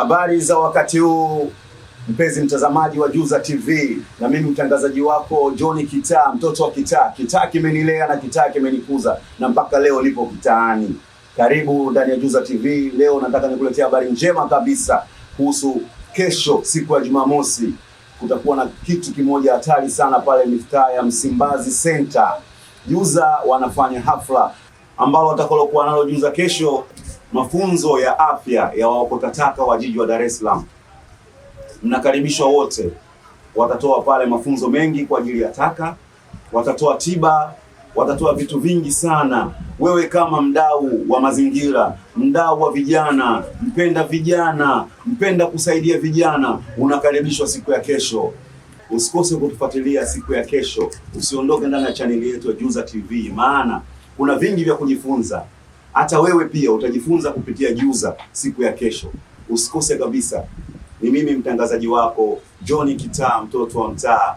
Habari za wakati huu mpenzi mtazamaji wa Juza TV, na mimi mtangazaji wako John Kitaa, mtoto wa Kitaa. Kitaa kimenilea na Kitaa kimenikuza na mpaka leo nipo kitaani. Karibu ndani ya Juza TV. Leo nataka nikuletea habari njema kabisa kuhusu kesho, siku ya Jumamosi, kutakuwa na kitu kimoja hatari sana pale mitaa ya Msimbazi Center. Juza wanafanya hafla ambalo watakalokuwa nalo Juza kesho mafunzo ya afya ya taka wa jiji wa Dar es Salaam. Mnakaribishwa wote, watatoa pale mafunzo mengi kwa ajili ya taka, watatoa tiba, watatoa vitu vingi sana. Wewe kama mdau wa mazingira, mdau wa vijana, mpenda vijana, mpenda kusaidia vijana, unakaribishwa siku ya kesho. Usikose kutufuatilia siku ya kesho, usiondoke ndani ya chaneli yetu ya Juza TV, maana kuna vingi vya kujifunza hata wewe pia utajifunza kupitia Juza siku ya kesho. Usikose kabisa. Ni mimi mtangazaji wako John Kitaa, mtoto wa mtaa.